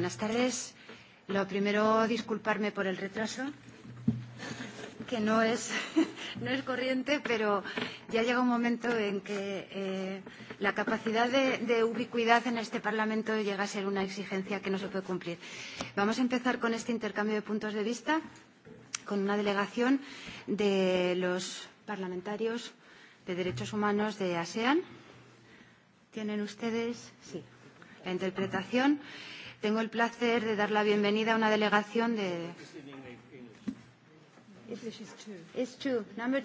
Buenas tardes. Lo primero, disculparme por el retraso, que no es, no es corriente, pero ya llega un momento en que eh, la capacidad de, de ubicuidad en este Parlamento llega a ser una exigencia que no se puede cumplir. Vamos a empezar con este intercambio de puntos de vista con una delegación de los parlamentarios de derechos humanos de ASEAN. ¿Tienen ustedes? Sí. La interpretación. Tengo el placer de dar la bienvenida a una delegación de... two. two. Number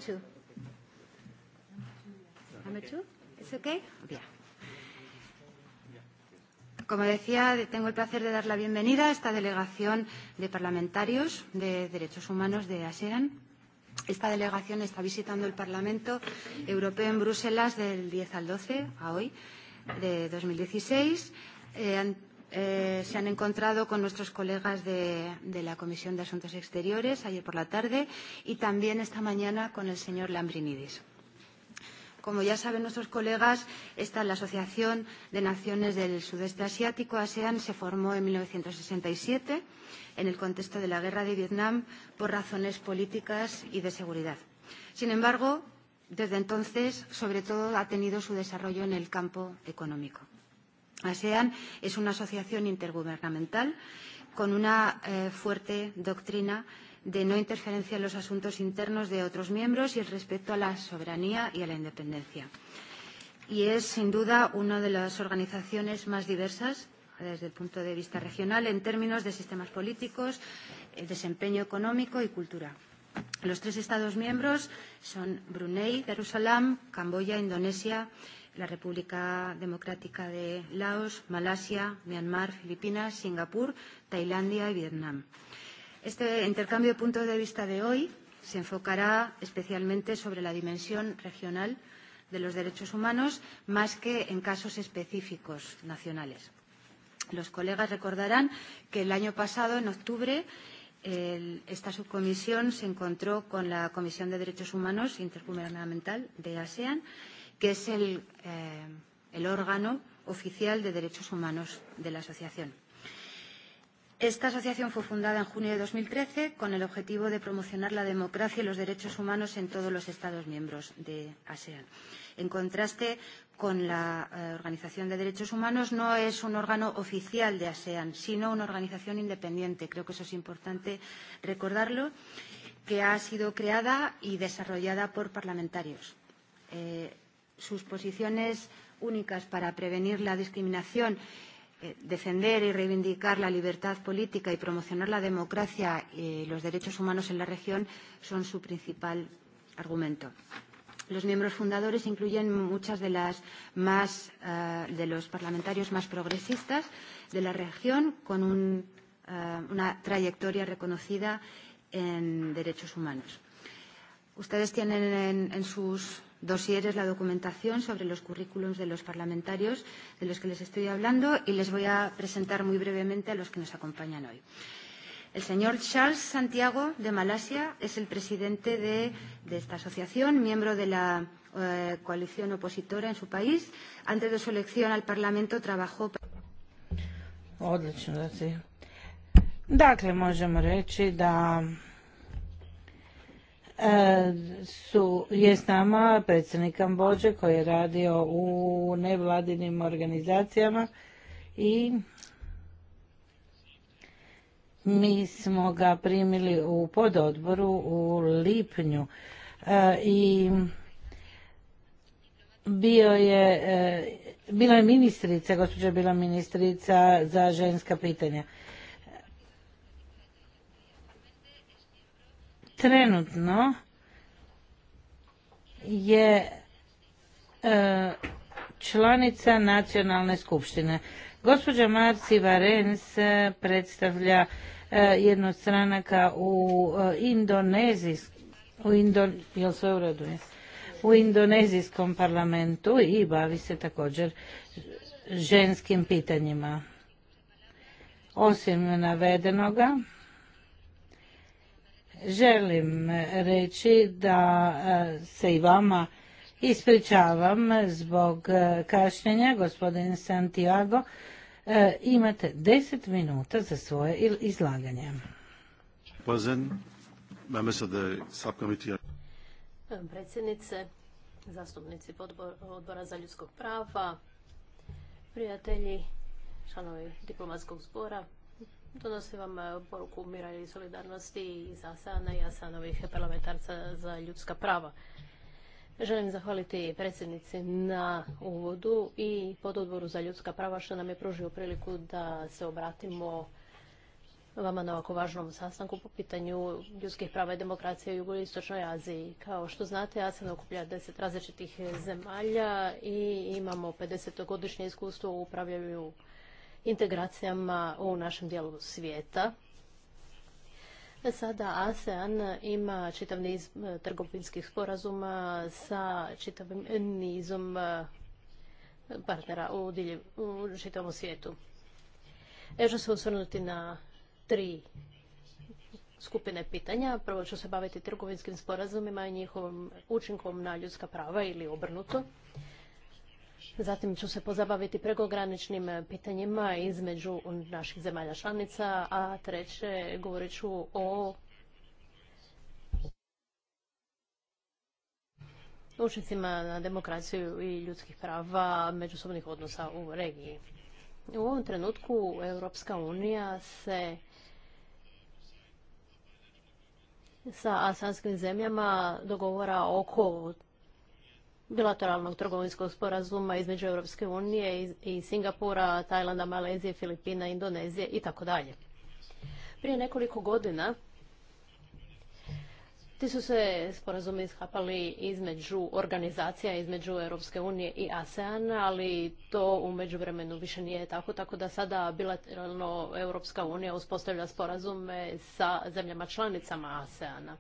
Number okay? Como decía, tengo el placer de dar la bienvenida a esta delegación de parlamentarios de derechos humanos de ASEAN. Esta delegación está visitando el Parlamento Europeo en Bruselas del 10 al 12 a hoy de 2016. Eh, eh, se han encontrado con nuestros colegas de, de la Comisión de Asuntos Exteriores ayer por la tarde y también esta mañana con el señor Lambrinidis. Como ya saben nuestros colegas, esta la Asociación de Naciones del Sudeste Asiático, ASEAN, se formó en 1967 en el contexto de la guerra de Vietnam por razones políticas y de seguridad. Sin embargo, desde entonces, sobre todo, ha tenido su desarrollo en el campo económico. ASEAN es una asociación intergubernamental con una eh, fuerte doctrina de no interferencia en los asuntos internos de otros miembros y el respeto a la soberanía y a la independencia. Y es, sin duda, una de las organizaciones más diversas desde el punto de vista regional en términos de sistemas políticos, eh, desempeño económico y cultura. Los tres Estados miembros son Brunei, Jerusalén, Camboya, Indonesia la República Democrática de Laos, Malasia, Myanmar, Filipinas, Singapur, Tailandia y Vietnam. Este intercambio de puntos de vista de hoy se enfocará especialmente sobre la dimensión regional de los derechos humanos más que en casos específicos nacionales. Los colegas recordarán que el año pasado, en octubre, el, esta subcomisión se encontró con la Comisión de Derechos Humanos Intergubernamental de ASEAN que es el, eh, el órgano oficial de derechos humanos de la asociación. Esta asociación fue fundada en junio de 2013 con el objetivo de promocionar la democracia y los derechos humanos en todos los Estados miembros de ASEAN. En contraste con la eh, Organización de Derechos Humanos, no es un órgano oficial de ASEAN, sino una organización independiente. Creo que eso es importante recordarlo, que ha sido creada y desarrollada por parlamentarios. Eh, sus posiciones únicas para prevenir la discriminación, eh, defender y reivindicar la libertad política y promocionar la democracia y los derechos humanos en la región son su principal argumento. Los miembros fundadores incluyen muchas de las más uh, de los parlamentarios más progresistas de la región con un, eh, una trayectoria reconocida en derechos humanos. Ustedes tienen en, en sus dosieres la documentación sobre los currículums de los parlamentarios de los que les estoy hablando y les voy a presentar muy brevemente a los que nos acompañan hoy. El señor Charles Santiago de Malasia es el presidente de, de esta asociación, miembro de la eh, coalición opositora en su país. Antes de su elección al Parlamento trabajó. Odlično, da Dakle, možemo reći da E, je s nama predsjednik Kambođe koji je radio u nevladinim organizacijama i mi smo ga primili u pododboru u lipnju e, i bio je e, bila je ministrica, gospođa je bila ministrica za ženska pitanja. trenutno je e, članica nacionalne skupštine. Gospođa Marci Varens e, predstavlja e, jednu stranaka u u indonezijskom parlamentu i bavi se također ženskim pitanjima. Osim navedenoga, želim reći da e, se i vama ispričavam zbog e, kašnjenja, gospodin Santiago. E, imate deset minuta za svoje izlaganje. Predsjednice, zastupnici odbora za ljudskog prava, prijatelji, članovi diplomatskog zbora, Donosim vam e, poruku mira i solidarnosti iz Asana i Asanovih parlamentarca za ljudska prava. Želim zahvaliti predsjednici na uvodu i Odboru za ljudska prava što nam je pružio priliku da se obratimo vama na ovako važnom sastanku po pitanju ljudskih prava i demokracije u jugoistočnoj Aziji. Kao što znate, ASEAN okuplja deset različitih zemalja i imamo 50-godišnje iskustvo u upravljanju integracijama u našem dijelu svijeta. Sada ASEAN ima čitav niz e, trgovinskih sporazuma sa čitavim nizom e, partnera u, čitavom svijetu. Ja ću se osvrnuti na tri skupine pitanja. Prvo ću se baviti trgovinskim sporazumima i njihovom učinkom na ljudska prava ili obrnuto. Zatim ću se pozabaviti prekograničnim pitanjima između naših zemalja članica, a treće govorit ću o učincima na demokraciju i ljudskih prava međusobnih odnosa u regiji. U ovom trenutku Europska unija se sa asanskim zemljama dogovora oko bilateralnog trgovinskog sporazuma između Europske unije i Singapura, Tajlanda, Malezije, Filipina, Indonezije i tako dalje. Prije nekoliko godina ti su se sporazumi ishapali između organizacija, između Europske unije i ASEAN, ali to u međuvremenu više nije tako, tako da sada bilateralno Europska unija uspostavlja sporazume sa zemljama članicama ASEAN-a.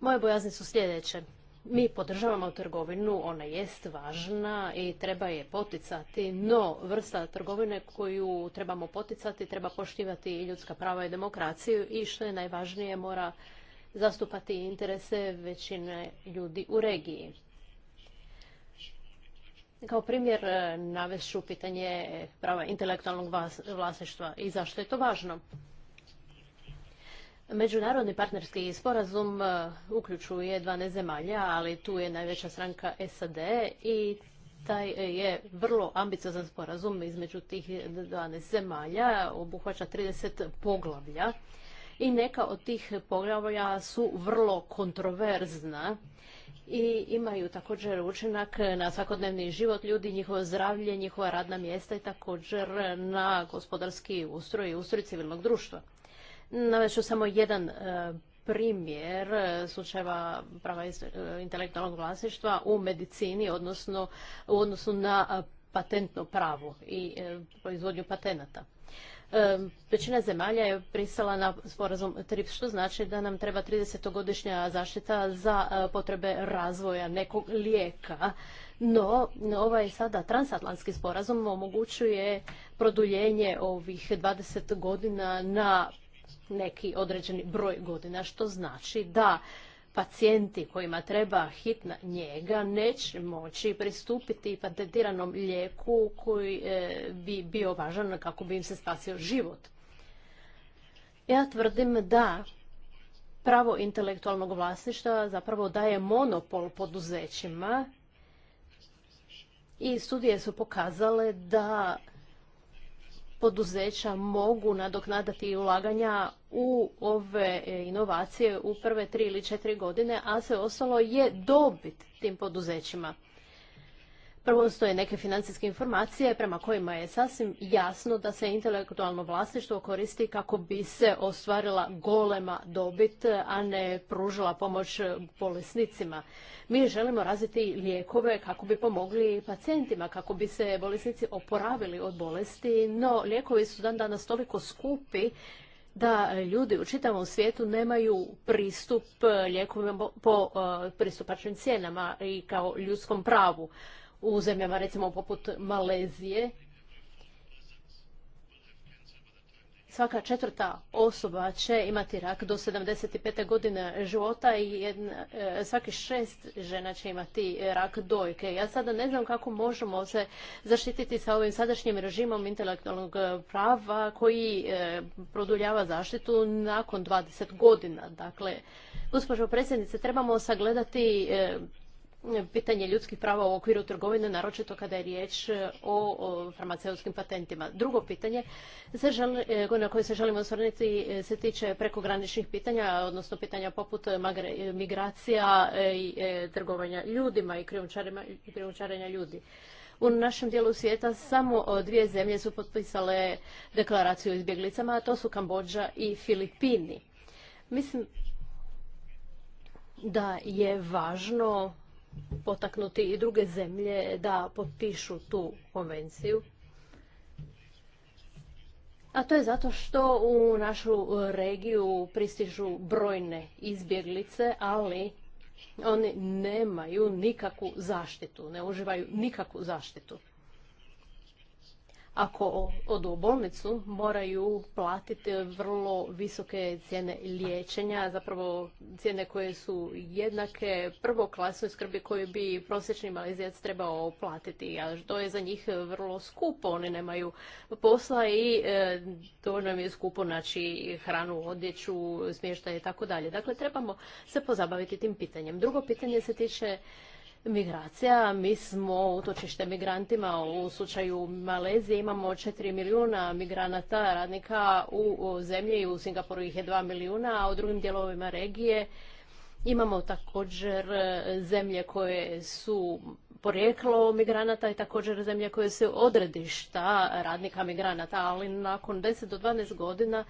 Moje bojazni su sljedeće. Mi podržavamo trgovinu, ona jest važna i treba je poticati, no vrsta trgovine koju trebamo poticati treba poštivati i ljudska prava i demokraciju i što je najvažnije mora zastupati interese većine ljudi u regiji. Kao primjer eh, navest ću pitanje prava intelektualnog vlasništva i zašto je to važno. Međunarodni partnerski sporazum e, uključuje 12 zemalja, ali tu je najveća stranka SAD i taj je vrlo ambiciozan sporazum između tih 12 zemalja, obuhvaća 30 poglavlja i neka od tih poglavlja su vrlo kontroverzna i imaju također učinak na svakodnevni život ljudi, njihovo zdravlje, njihova radna mjesta i također na gospodarski ustroj i ustroj civilnog društva. Naveću samo jedan e, primjer e, slučajeva prava e, intelektualnog vlasništva u medicini, odnosno u odnosu na patentno pravo i proizvodnju patenata. Većina zemalja je pristala na sporazum TRIPS, što znači da nam treba 30-godišnja zaštita za potrebe razvoja nekog lijeka. No, ovaj sada transatlantski sporazum omogućuje produljenje ovih 20 godina na neki određeni broj godina, što znači da pacijenti kojima treba hitna njega neće moći pristupiti patentiranom lijeku koji e, bi bio važan kako bi im se spasio život. Ja tvrdim da pravo intelektualnog vlasništva zapravo daje monopol poduzećima i studije su pokazale da poduzeća mogu nadoknadati ulaganja u ove e, inovacije u prve tri ili četiri godine, a sve ostalo je dobit tim poduzećima. Prvo stoje neke financijske informacije prema kojima je sasvim jasno da se intelektualno vlasništvo koristi kako bi se ostvarila golema dobit, a ne pružila pomoć bolesnicima. Mi želimo razviti lijekove kako bi pomogli pacijentima, kako bi se bolesnici oporavili od bolesti, no lijekovi su dan danas toliko skupi da ljudi u čitavom svijetu nemaju pristup e, lijekovima po e, pristupačnim cijenama i kao ljudskom pravu. U zemljama recimo poput Malezije svaka četvrta osoba će imati rak do 75. godine života i jedna, e, svaki šest žena će imati rak dojke. Ja sada ne znam kako možemo se zaštititi sa ovim sadašnjim režimom intelektualnog prava koji e, produljava zaštitu nakon 20 godina. Dakle, gospođo predsjednice, trebamo sagledati e, pitanje ljudskih prava u okviru trgovine, naročito kada je riječ e, o farmaceutskim patentima. Drugo pitanje e, na koje se želimo osvrnuti e, se tiče prekograničnih pitanja, odnosno pitanja poput migracija i trgovanja ljudima i krijumčarenja ljudi. U našem dijelu svijeta samo dvije zemlje su potpisale deklaraciju o izbjeglicama, a to su Kambodža i Filipini. Mislim da je važno potaknuti i druge zemlje da potpišu tu konvenciju. A to je zato što u našu regiju pristižu brojne izbjeglice, ali oni nemaju nikakvu zaštitu, ne uživaju nikakvu zaštitu ako odu u bolnicu, moraju platiti vrlo visoke cijene liječenja, zapravo cijene koje su jednake prvoklasnoj skrbi koju bi prosječni malizijac trebao platiti, a to je za njih vrlo skupo, oni nemaju posla i e, to nam je skupo naći hranu, odjeću, smještaj i tako dalje. Dakle, trebamo se pozabaviti tim pitanjem. Drugo pitanje se tiče migracija. Mi smo utočište migrantima u slučaju Malezije. Imamo 4 milijuna migranata radnika u zemlji. U Singapuru ih je 2 milijuna, a u drugim dijelovima regije imamo također e, zemlje koje su porijeklo migranata i također zemlje koje se odredišta radnika migranata, ali nakon 10 do 12 godina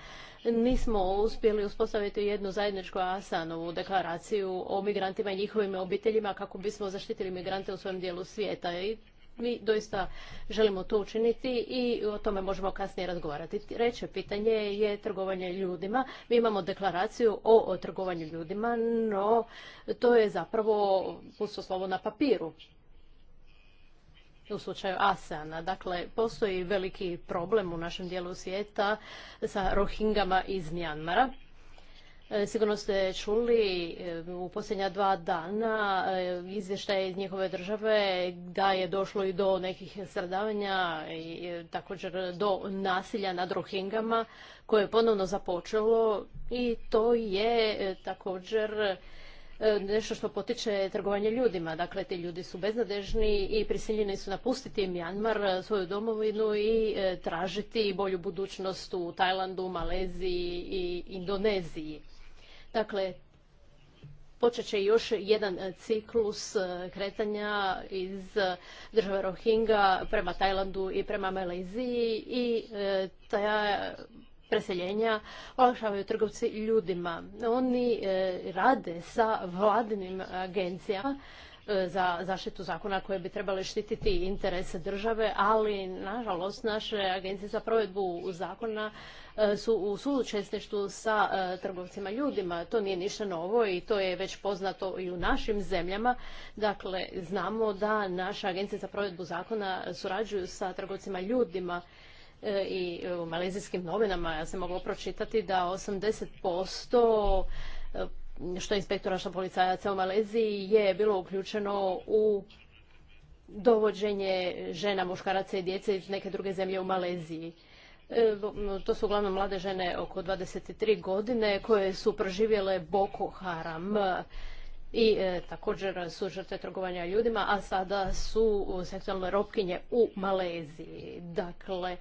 nismo uspjeli uspostaviti jednu zajedničku Asanovu deklaraciju o migrantima i njihovim obiteljima kako bismo zaštitili migrante u svojem dijelu svijeta. I mi doista želimo to učiniti i o tome možemo kasnije razgovarati. Treće pitanje je trgovanje ljudima. Mi imamo deklaraciju o, o trgovanju ljudima, no to je zapravo pusto slovo na papiru u slučaju ASEANA. Dakle, postoji veliki problem u našem dijelu svijeta sa rohingama iz Mjanmara. E, sigurno ste čuli e, u posljednja dva dana e, izvještaje iz njihove države da je došlo i do nekih stradavanja i također do nasilja nad Rohingama koje je ponovno započelo i to je također E, nešto što potiče trgovanje ljudima. Dakle, ti ljudi su beznadežni i prisiljeni su napustiti Mjanmar, e, svoju domovinu i e, tražiti bolju budućnost u Tajlandu, Maleziji i Indoneziji. Dakle, počet će još jedan ciklus kretanja iz države Rohingya prema Tajlandu i prema Maleziji i ta preseljenja olakšavaju trgovci ljudima. Oni e, rade sa vladinim agencijama e, za zaštitu zakona koje bi trebale štititi interese države, ali nažalost naše agencije za provedbu zakona e, su u sučesništvu sa trgovcima ljudima. To nije ništa novo i to je već poznato i u našim zemljama. Dakle, znamo da naše agencije za provedbu zakona surađuju sa trgovcima ljudima E, i u malezijskim novinama ja sam moglo pročitati da 80% e, što inspektora, što policajaca u Maleziji je bilo uključeno u dovođenje žena, muškaraca i djece iz neke druge zemlje u Maleziji. E, to su uglavnom mlade žene oko 23 godine koje su proživjele Boko Haram i također su žrtve trgovanja ljudima, a sada su seksualne ropkinje u Maleziji. Dakle,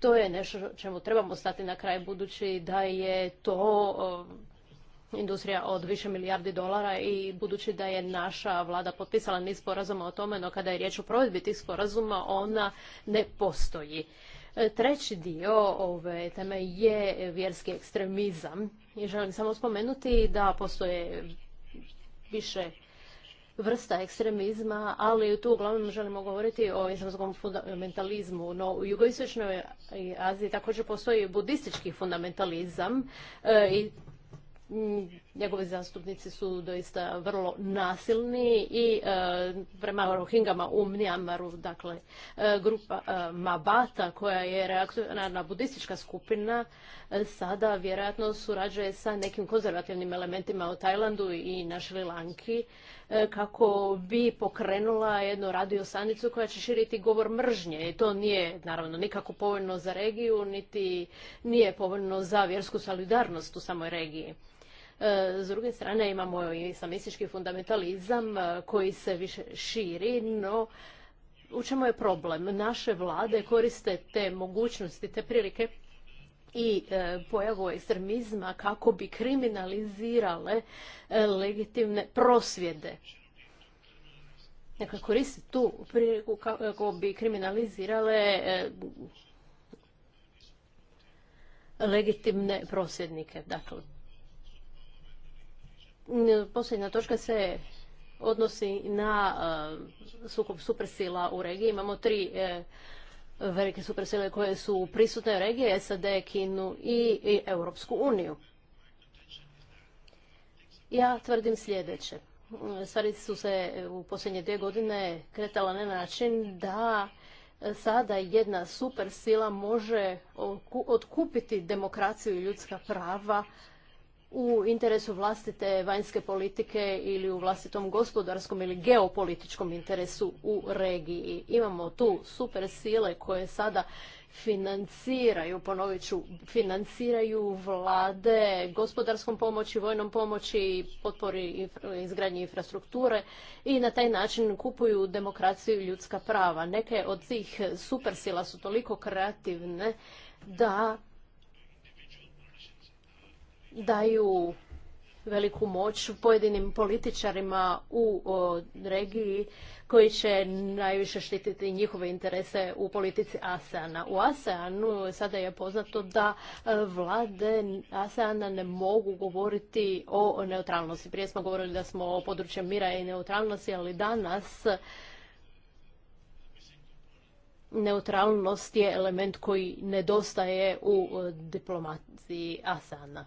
to je nešto čemu trebamo stati na kraj budući da je to um, industrija od više milijardi dolara i budući da je naša vlada potpisala niz sporazuma o tome, no kada je riječ o provedbi tih sporazuma, ona ne postoji. E, treći dio ove teme je vjerski ekstremizam. I želim samo spomenuti da postoje više vrsta ekstremizma, ali tu uglavnom želimo govoriti o islamskom fundamentalizmu. No, u jugoistočnoj Aziji također postoji budistički fundamentalizam e, i njegovi zastupnici su doista vrlo nasilni i e, prema Rohingama u Mnjamaru, dakle e, grupa e, Mabata koja je reakcionarna budistička skupina sada vjerojatno surađuje sa nekim konzervativnim elementima u Tajlandu i na Lanki kako bi pokrenula jednu radio sanicu koja će širiti govor mržnje. I to nije naravno nikako povoljno za regiju, niti nije povoljno za vjersku solidarnost u samoj regiji. E, s druge strane imamo i islamistički fundamentalizam e, koji se više širi, no u čemu je problem? Naše vlade koriste te mogućnosti, te prilike i e, pojavu ekstremizma kako bi kriminalizirale legitimne prosvjede. Dakle, koristi tu priliku kako bi kriminalizirale legitimne prosvjednike. Dakle, Posljednja točka se odnosi na e, sukob supersila u regiji. Imamo tri e, velike supersile koje su prisutne u regiji, SAD, Kinu i, Europsku uniju. Ja tvrdim sljedeće. Stvari su se u posljednje dvije godine kretala na način da e, sada jedna supersila može otkupiti demokraciju i ljudska prava u interesu vlastite vanjske politike ili u vlastitom gospodarskom ili geopolitičkom interesu u regiji. Imamo tu super sile koje sada financiraju, ponovit ću, financiraju vlade gospodarskom pomoći, vojnom pomoći, potpori izgradnji infrastrukture i na taj način kupuju demokraciju i ljudska prava. Neke od tih supersila su toliko kreativne da daju veliku moć pojedinim političarima u regiji koji će najviše štititi njihove interese u politici ASEANA. U ASEANu sada je poznato da e, vlade ASEANA ne mogu govoriti o neutralnosti. Prije smo govorili da smo o području mira i neutralnosti, ali danas neutralnost je element koji nedostaje u e, diplomaciji ASEANA.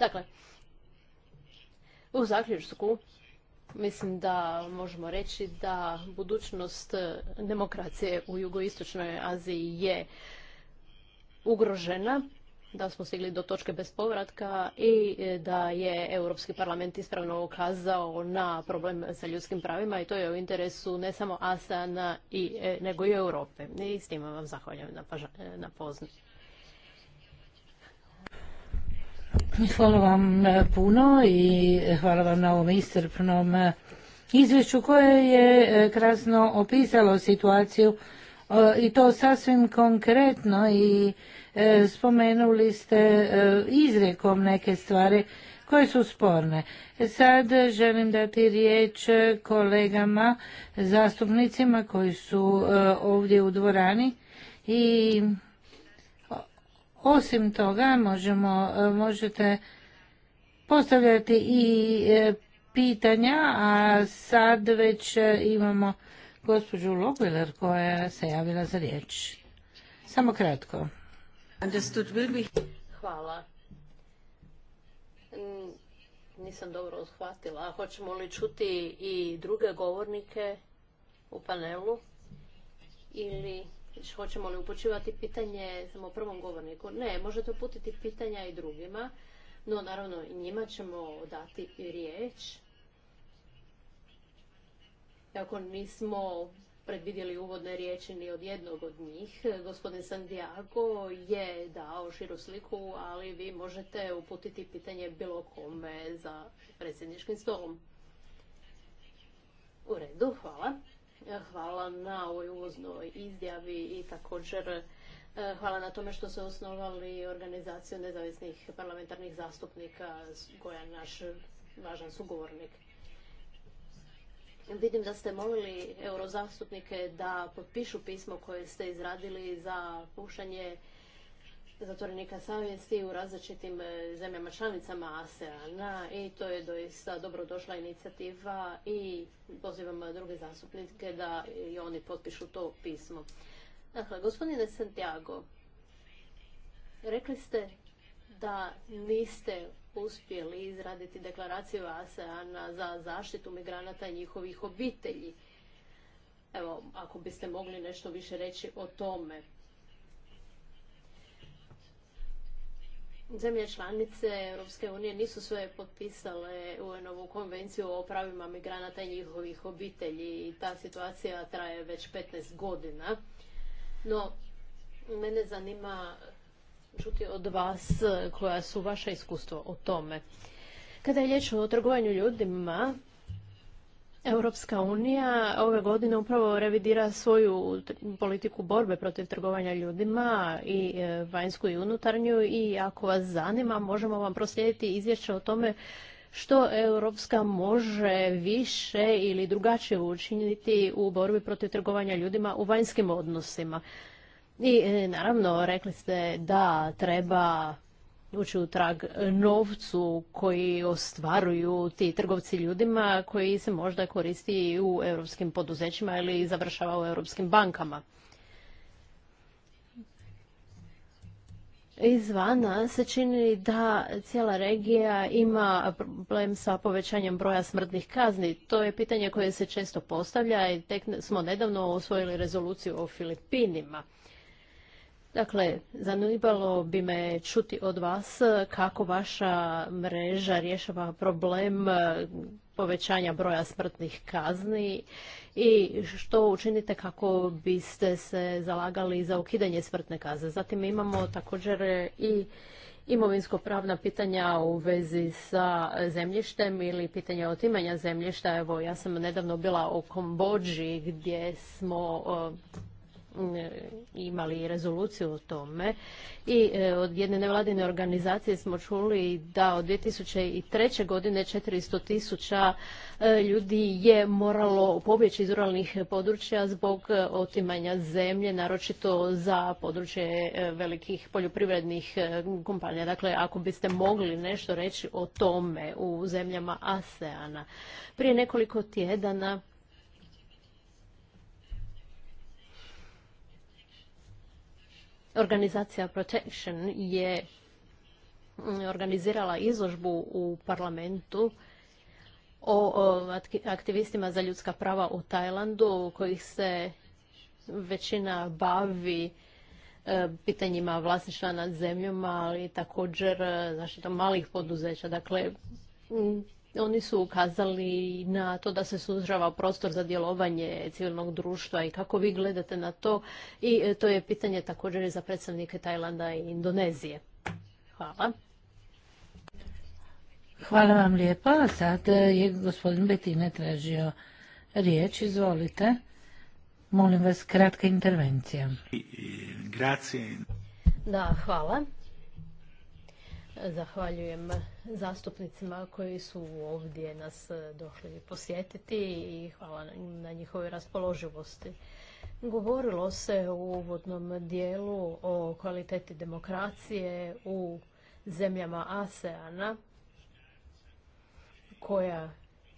Dakle, u zaključku mislim da možemo reći da budućnost demokracije u jugoistočnoj Aziji je ugrožena, da smo stigli do točke bez povratka i da je Europski parlament ispravno ukazao na problem sa ljudskim pravima i to je u interesu ne samo ASEAN, i, e, nego i Europe. I s tim vam zahvaljujem na, na Hvala vam e, puno i e, hvala vam na ovom iscrpnom e, izvješću koje je krasno opisalo situaciju i to sasvim konkretno i spomenuli ste izrekom neke stvari koje su sporne. Sad želim dati riječ kolegama, zastupnicima koji su ovdje u dvorani i osim toga možemo, e, možete postavljati i e, pitanja, a sad već e, imamo gospođu Lobiler koja se javila za riječ. Samo kratko. Hvala. Nisam dobro shvatila. Hoćemo li čuti i druge govornike u panelu? Ili hoćemo li upućivati pitanje samo prvom govorniku? Ne, možete uputiti pitanja i drugima, no naravno i njima ćemo dati riječ. Ako nismo predvidjeli uvodne riječi ni od jednog od njih, gospodin Sandiago je dao širu sliku, ali vi možete uputiti pitanje bilo kome za predsjedničkim stolom. U redu, hvala. Hvala na ovoj uvoznoj izjavi i također e, hvala na tome što ste osnovali organizaciju nezavisnih parlamentarnih zastupnika koja je naš važan sugovornik. Vidim da ste molili eurozastupnike da potpišu pismo koje ste izradili za pušanje zatvorenika savjesti u različitim e, zemljama članicama ASEANA i to je doista dobrodošla inicijativa i pozivam druge zastupnike da i oni potpišu to pismo. Dakle, gospodine Santiago, rekli ste da niste uspjeli izraditi deklaraciju ASEANA za zaštitu migranata i njihovih obitelji. Evo, ako biste mogli nešto više reći o tome. zemlje članice Europske unije nisu sve potpisale UN-ovu konvenciju o pravima migranata i njihovih obitelji i ta situacija traje već 15 godina. No, mene zanima čuti od vas koja su vaša iskustva o tome. Kada je riječ o trgovanju ljudima, Europska unija ove godine upravo revidira svoju politiku borbe protiv trgovanja ljudima i e, vanjsku i unutarnju i ako vas zanima možemo vam proslijediti izvješće o tome što Europska može više ili drugačije učiniti u borbi protiv trgovanja ljudima u vanjskim odnosima. I e, naravno rekli ste da treba ući u trag novcu koji ostvaruju ti trgovci ljudima koji se možda koristi u europskim poduzećima ili završava u europskim bankama. Izvana se čini da cijela regija ima problem sa povećanjem broja smrtnih kazni. To je pitanje koje se često postavlja i tek smo nedavno usvojili rezoluciju o Filipinima. Dakle, zanimalo bi me čuti od vas kako vaša mreža rješava problem e, povećanja broja smrtnih kazni i što učinite kako biste se zalagali za ukidanje smrtne kazne. Zatim imamo također i imovinsko-pravna pitanja u vezi sa zemljištem ili pitanja otimanja zemljišta. Evo, ja sam nedavno bila u Kombođi gdje smo e, E, imali rezoluciju o tome i e, od jedne nevladine organizacije smo čuli da od 2003. godine 400 tisuća e, ljudi je moralo pobjeći iz ruralnih područja zbog otimanja zemlje, naročito za područje velikih poljoprivrednih kompanija. Dakle, ako biste mogli nešto reći o tome u zemljama ASEANA. Prije nekoliko tjedana organizacija Protection je mm, organizirala izložbu u parlamentu o aktivistima za ljudska prava u Tajlandu kojih se većina bavi e, pitanjima vlasništva nad zemljom, ali također e, zaštitom malih poduzeća. Dakle, oni su ukazali na to da se sužava prostor za djelovanje civilnog društva i kako vi gledate na to i e, to je pitanje također i za predstavnike Tajlanda i Indonezije. Hvala. Hvala vam lijepa. Sad e, je gospodin Betine tražio riječ. Izvolite. Molim vas, kratka intervencija. Grazie. Da, hvala. Zahvaljujem zastupnicima koji su ovdje nas e, došli posjetiti i hvala na njihovoj raspoloživosti. Govorilo se u uvodnom dijelu o kvaliteti demokracije u zemljama ASEANA koja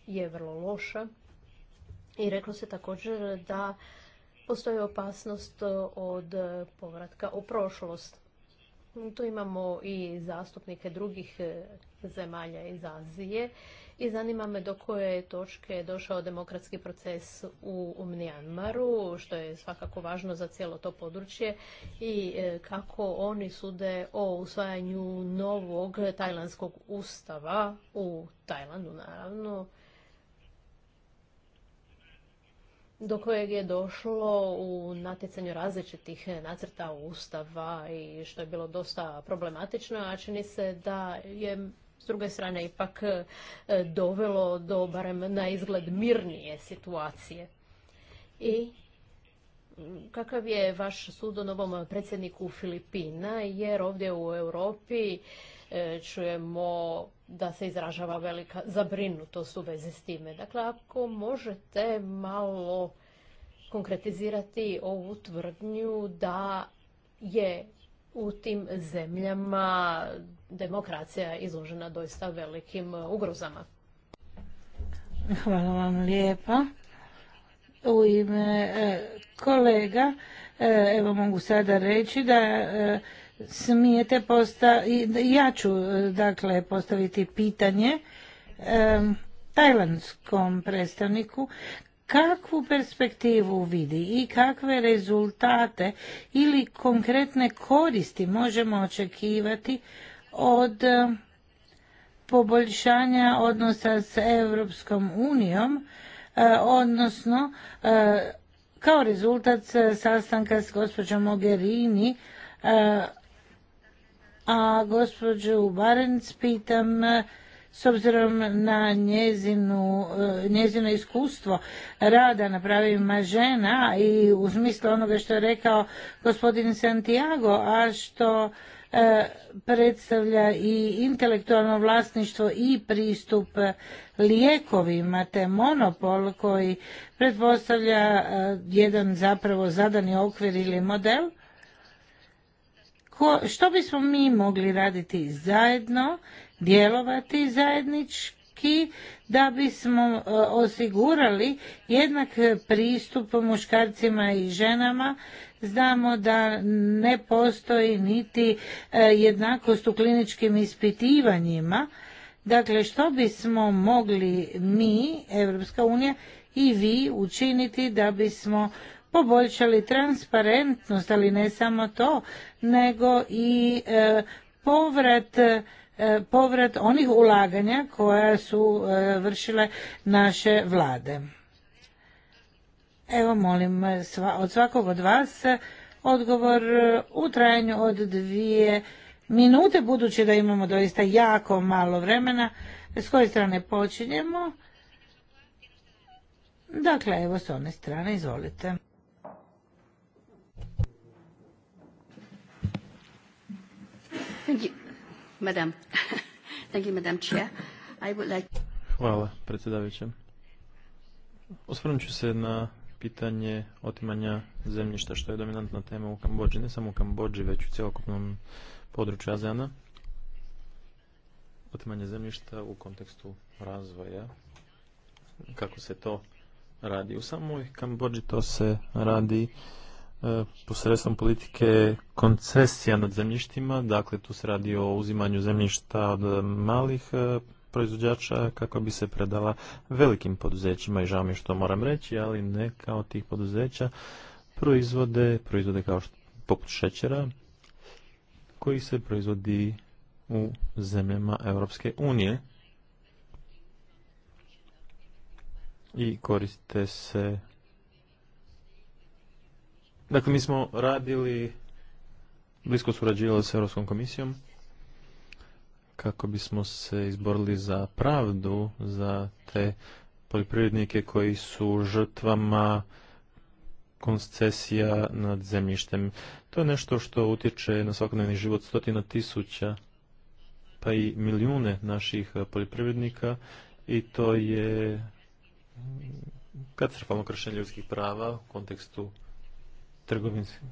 je vrlo loša i reklo se također da postoji opasnost od povratka u prošlost. Tu imamo i zastupnike drugih e, zemalja iz Azije i zanima me do koje točke je došao demokratski proces u Mnijanmaru, što je svakako važno za cijelo to područje i e, kako oni sude o usvajanju novog tajlanskog ustava u Tajlandu naravno do kojeg je došlo u natjecanju različitih nacrta ustava i što je bilo dosta problematično, a čini se da je s druge strane ipak e, dovelo do barem na izgled mirnije situacije. I kakav je vaš sud o novom predsjedniku Filipina, jer ovdje u Europi E, čujemo da se izražava velika zabrinutost u vezi s time. Dakle, ako možete malo konkretizirati ovu tvrdnju da je u tim zemljama demokracija izložena doista velikim ugrozama. Hvala vam lijepa. U ime e, kolega, e, evo mogu sada reći da smijete postaviti ja ću e, dakle postaviti pitanje e, tajlandskom predstavniku kakvu perspektivu vidi i kakve rezultate ili konkretne koristi možemo očekivati od e, poboljšanja odnosa s Europskom unijom, e, odnosno kao rezultat sastanka s gospođom Mogherini a gospođu Barenc pitam s obzirom na njezinu, e, njezino iskustvo rada na pravima žena i u smislu onoga što je rekao gospodin Santiago, a što e, predstavlja i intelektualno vlasništvo i pristup lijekovima, te monopol koji pretpostavlja e, jedan zapravo zadani okvir ili model, što bismo mi mogli raditi zajedno, djelovati zajednički da bismo e, osigurali jednak pristup muškarcima i ženama znamo da ne postoji niti e, jednakost u kliničkim ispitivanjima dakle što bismo mogli mi Europska unija i vi učiniti da bismo poboljšali transparentnost, ali ne samo to, nego i e, povrat e, povrat onih ulaganja koja su e, vršile naše vlade. Evo molim od svakog od vas odgovor u trajanju od dvije minute, budući da imamo doista jako malo vremena. S koje strane počinjemo? Dakle, evo s one strane, izvolite. Thank madam. Hvala, predsjedavajuća. Osvrnut ću se na pitanje otimanja zemljišta, što je dominantna tema u Kambođi, ne samo u Kambođi, već u cjelokupnom području Azijana. Otimanje zemljišta u kontekstu razvoja, kako se to radi. U samoj Kambođi to se radi E, posredstvom politike koncesija nad zemljištima, dakle tu se radi o uzimanju zemljišta od malih e, proizvođača kako bi se predala velikim poduzećima i žao mi što moram reći, ali ne kao tih poduzeća proizvode, proizvode kao što, poput šećera koji se proizvodi u zemljama Europske unije i koriste se Dakle, mi smo radili, blisko surađivali s Europskom komisijom kako bismo se izborili za pravdu za te poljoprivrednike koji su žrtvama koncesija nad zemljištem. To je nešto što utječe na svakodnevni život stotina tisuća pa i milijune naših poljoprivrednika i to je katastrofalno kršenje ljudskih prava u kontekstu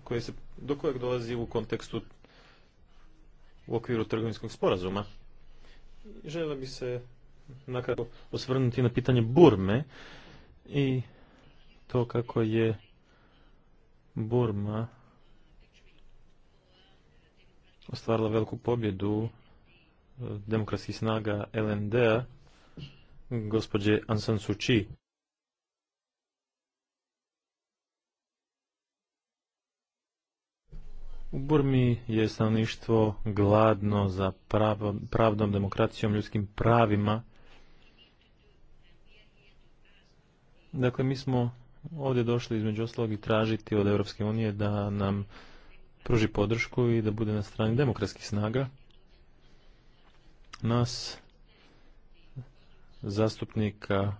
koje se, do kojeg dolazi u kontekstu u okviru trgovinskog sporazuma. Žele bi se nakratko osvrnuti na pitanje Burme i to kako je Burma ostvarila veliku pobjedu e, demokratskih snaga LND-a gospođe Ansan Suu U Burmi je stanovništvo gladno za pravdom, demokracijom, ljudskim pravima. Dakle, mi smo ovdje došli između ostalog tražiti od Europske unije da nam pruži podršku i da bude na strani demokratskih snaga. Nas, zastupnika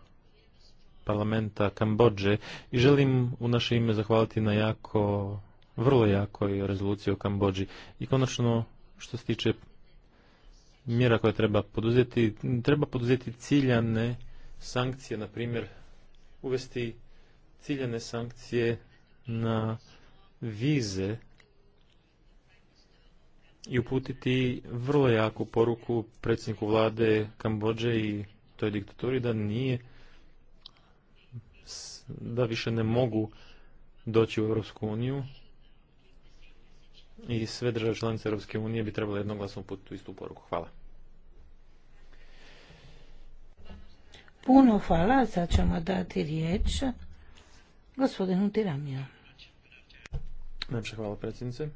parlamenta Kambodže i želim u naše ime zahvaliti na jako vrlo jakoj rezoluciji o Kambođi. I konačno, što se tiče mjera koje treba poduzeti, treba poduzeti ciljane sankcije, na primjer, uvesti ciljane sankcije na vize i uputiti vrlo jaku poruku predsjedniku vlade Kambođe i toj diktaturi da nije da više ne mogu doći u Europsku uniju i sve države članice Europske unije bi trebalo jednoglasno tu istu poruku. Hvala. Puno hvala, sad ćemo dati riječ gospodinu Tiramiju. Najpšte hvala predsjednice.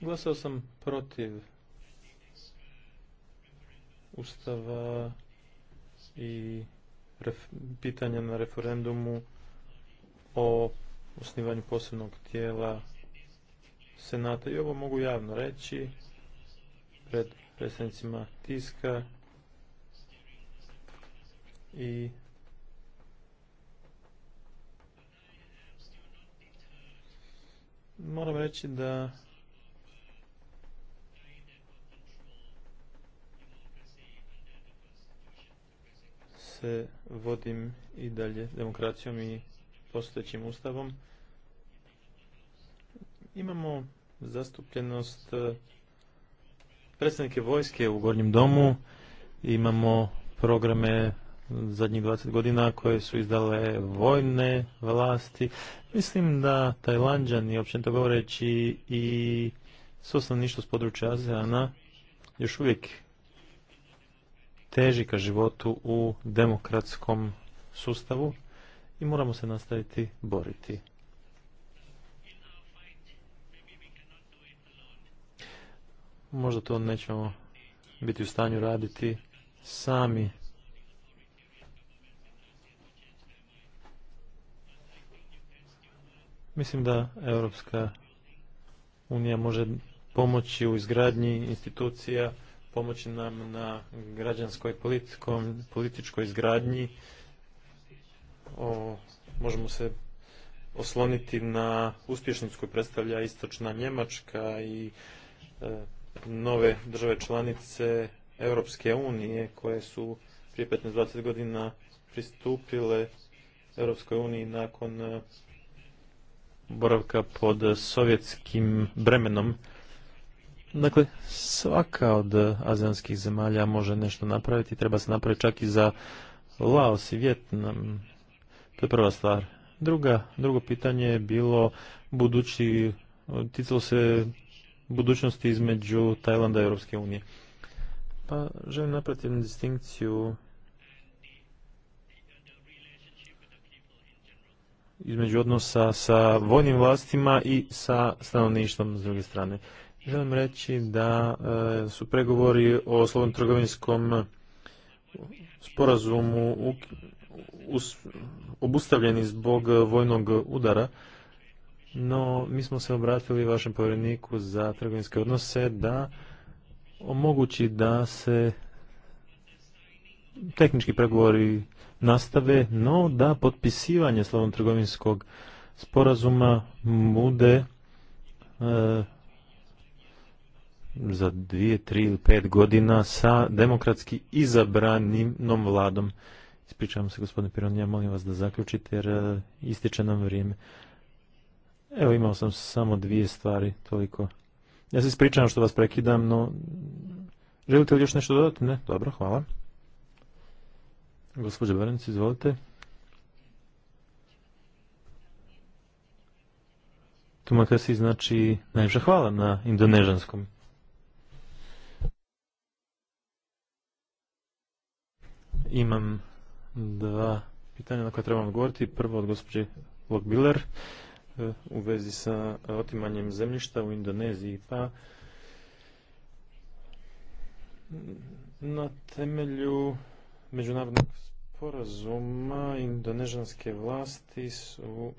Glasao sam protiv ustava i pitanja na referendumu o osnivanju posebnog tijela Senata. I ovo mogu javno reći pred predstavnicima tiska i moram reći da se vodim i dalje demokracijom i postojećim ustavom imamo zastupljenost e, predstavnike vojske u Gornjem domu, imamo programe zadnjih 20 godina koje su izdale vojne vlasti. Mislim da i općenito govoreći, i sosnovništvo s područja ASEANA još uvijek teži ka životu u demokratskom sustavu i moramo se nastaviti boriti. Možda to nećemo biti u stanju raditi sami. Mislim da Europska unija može pomoći u izgradnji institucija, pomoći nam na građanskoj političkoj izgradnji o, možemo se osloniti na uspješnicu koju predstavlja istočna Njemačka i e, nove države članice Europske unije koje su prije 15-20 godina pristupile Europskoj uniji nakon e, boravka pod sovjetskim bremenom. Dakle, svaka od azijanskih zemalja može nešto napraviti, treba se napraviti čak i za Laos i Vjetnam. To je prva stvar. Druga, drugo pitanje je bilo budući, ticalo se budućnosti između Tajlanda i Europske unije. Pa želim napraviti jednu distinkciju između odnosa sa vojnim vlastima i sa stanovništvom s druge strane. Želim reći da e, su pregovori o slobodno trgovinskom sporazumu obustavljeni zbog e, vojnog udara, no mi smo se obratili vašem povjereniku za trgovinske odnose da omogući da se tehnički pregovori nastave, no da potpisivanje slovom trgovinskog sporazuma bude e, za dvije, tri ili pet godina sa demokratski izabranim vladom. Ispričavam se gospodine Piron, ja molim vas da zaključite jer e, ističe nam vrijeme. Evo imao sam samo dvije stvari, toliko. Ja se ispričavam što vas prekidam, no želite li još nešto dodati? Ne? Dobro, hvala. Gospođa Berenic, izvolite. Tumakasi znači najviše hvala na indonežanskom. Imam da, pitanje na koje trebam odgovoriti. Prvo od gospođe Lokbiler e, u vezi sa e, otimanjem zemljišta u Indoneziji. Pa na temelju međunarodnog sporazuma indonežanske vlasti su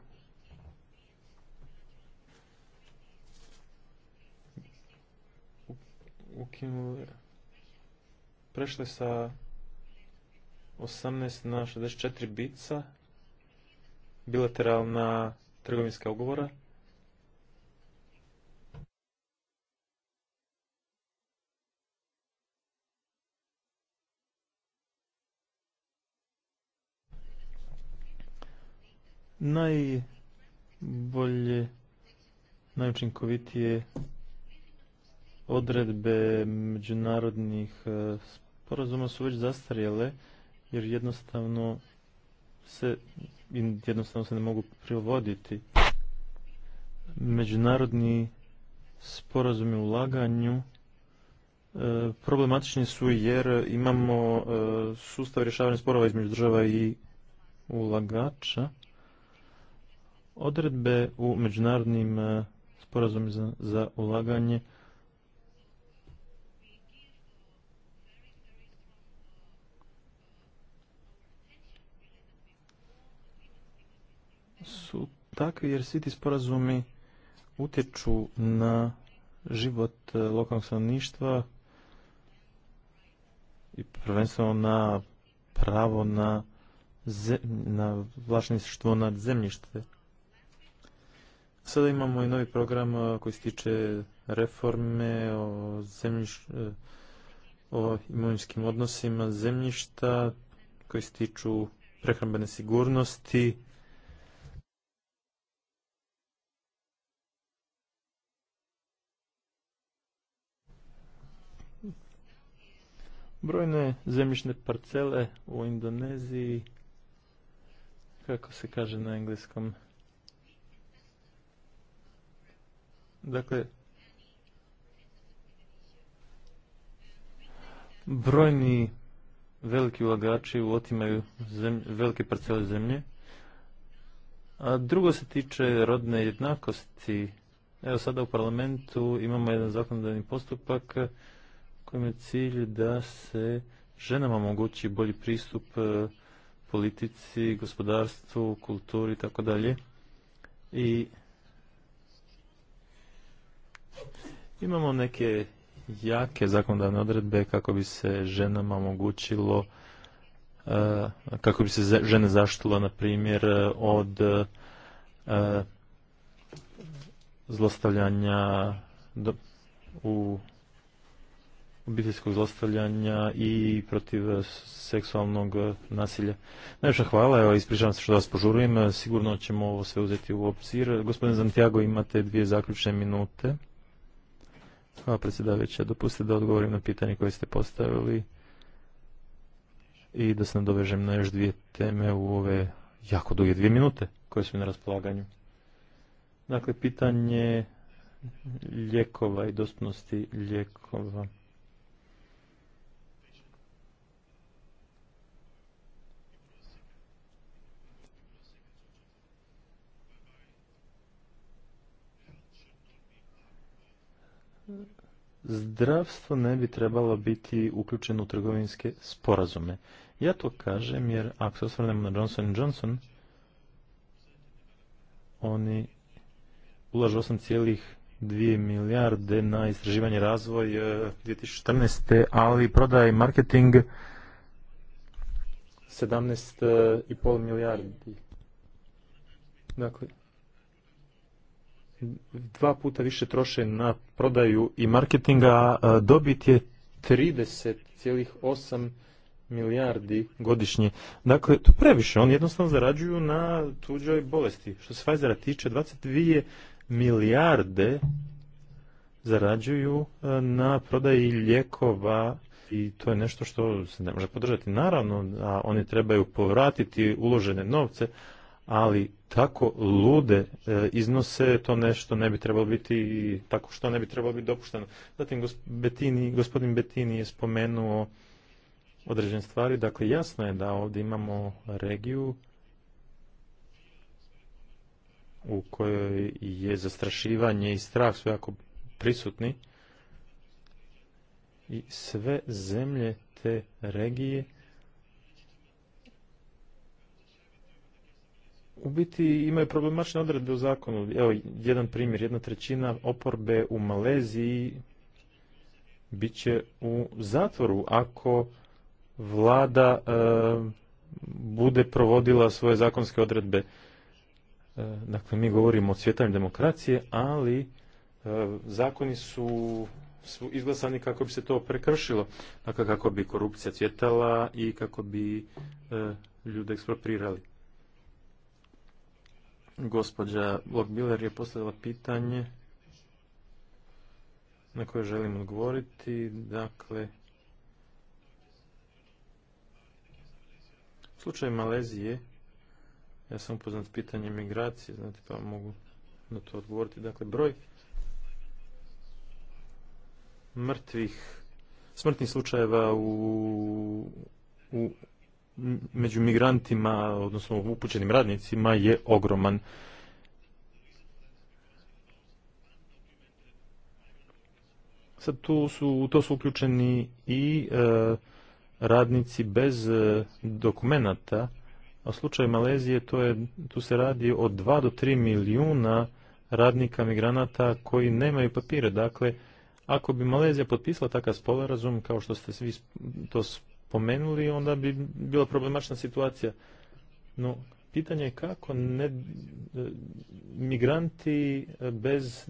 ukinule prešle sa 18 na 64 bica, bilateralna trgovinska ugovora. Najbolje, najučinkovitije odredbe međunarodnih eh, sporazuma su već zastarjele jer jednostavno se jednostavno se ne mogu privoditi. Međunarodni sporazumi u ulaganju e, problematični su jer imamo e, sustav rješavanja sporova između država i ulagača. Odredbe u međunarodnim e, sporazumima za ulaganje su takvi jer svi ti sporazumi utječu na život e, lokalnog stanovništva i prvenstveno na pravo na, na vlasništvo nad zemljište. Sada imamo i novi program e, koji se tiče reforme o, zemljiš, e, o imovinskim odnosima zemljišta koji se tiču prehrambene sigurnosti Brojne zemljišne parcele u Indoneziji, kako se kaže na engleskom, dakle, brojni veliki ulagači otimaju velike parcele zemlje. A drugo se tiče rodne jednakosti. Evo sada u parlamentu imamo jedan zakonodavni postupak cilj da se ženama omogući bolji pristup e, politici, gospodarstvu, kulturi i tako dalje. I imamo neke jake zakonodavne odredbe kako bi se ženama omogućilo e, kako bi se žene zaštilo na primjer od e, zlostavljanja u obiteljskog zlostavljanja i protiv seksualnog nasilja. Najviše hvala, evo ispričavam se što vas požurujem, sigurno ćemo ovo sve uzeti u obzir. Gospodin Zantijago, imate dvije zaključne minute. Hvala predsjedavajuća, dopustite da odgovorim na pitanje koje ste postavili i da se nadovežem na još dvije teme u ove jako duge dvije minute koje su na raspolaganju. Dakle, pitanje ljekova i dostupnosti ljekova. zdravstvo ne bi trebalo biti uključeno u trgovinske sporazume. Ja to kažem jer ako se osvrnemo na Johnson Johnson, oni ulažu 8,2 milijarde na istraživanje razvoj 2014. Eh, ali prodaj i marketing 17,5 eh, milijardi. Dakle, dva puta više troše na prodaju i marketinga, a dobit je 30,8 milijardi godišnje. Dakle, to previše. Oni jednostavno zarađuju na tuđoj bolesti. Što se Pfizera tiče, 22 milijarde zarađuju na prodaji lijekova i to je nešto što se ne može podržati. Naravno, a oni trebaju povratiti uložene novce, ali tako lude e, iznose to nešto ne bi trebalo biti tako što ne bi trebalo biti dopušteno. Zatim Betini, gospodin Betini je spomenuo određene stvari, dakle jasno je da ovdje imamo regiju u kojoj je zastrašivanje i strah su jako prisutni i sve zemlje te regije u biti imaju problematične odredbe u zakonu. Evo, jedan primjer, jedna trećina oporbe u Maleziji bit će u zatvoru ako vlada e, bude provodila svoje zakonske odredbe. E, dakle, mi govorimo o cvjetanju demokracije, ali e, zakoni su, izglasani kako bi se to prekršilo. Dakle, kako bi korupcija cvjetala i kako bi e, ljude eksproprirali. Gospođa biller je postavila pitanje na koje želim odgovoriti. Dakle, slučaj Malezije, ja sam upoznat pitanje migracije, znate, pa mogu na to odgovoriti. Dakle, broj mrtvih, smrtnih slučajeva u, u među migrantima, odnosno upućenim radnicima, je ogroman. Sad tu su, u to su uključeni i e, radnici bez e, dokumenata, a u slučaju Malezije to je, tu se radi o 2 do 3 milijuna radnika migranata koji nemaju papire. Dakle, ako bi Malezija potpisala takav sporazum, kao što ste svi to spomenuli, onda bi bila problemačna situacija. No, pitanje je kako ne, e, migranti e, bez, e,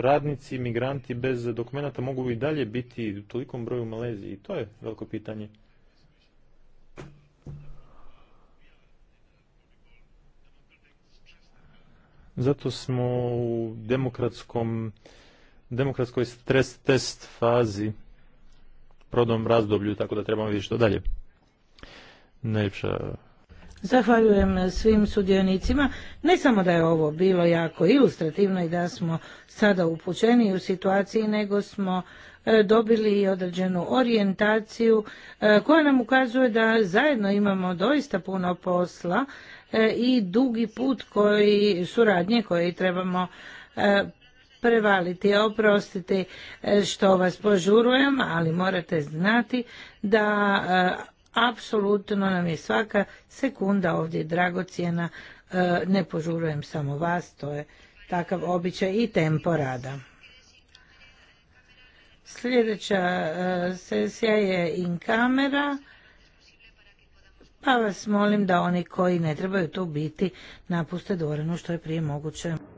radnici, migranti bez dokumenata mogu i dalje biti u tolikom broju u Maleziji. I to je veliko pitanje. Zato smo u demokratskom, demokratskoj stres test fazi rodnom razdoblju, tako da trebamo vidjeti što dalje. Zahvaljujem svim sudionicima. Ne samo da je ovo bilo jako ilustrativno i da smo sada upućeni u situaciji, nego smo e, dobili i određenu orijentaciju e, koja nam ukazuje da zajedno imamo doista puno posla e, i dugi put koji suradnje koji trebamo prevaliti. Oprostite e, što vas požurujem, ali morate znati da e, apsolutno nam je svaka sekunda ovdje dragocjena. E, ne požurujem samo vas, to je takav običaj i tempo rada. Sljedeća sesija je in kamera, pa vas molim da oni koji ne trebaju tu biti napuste dvoranu što je prije moguće.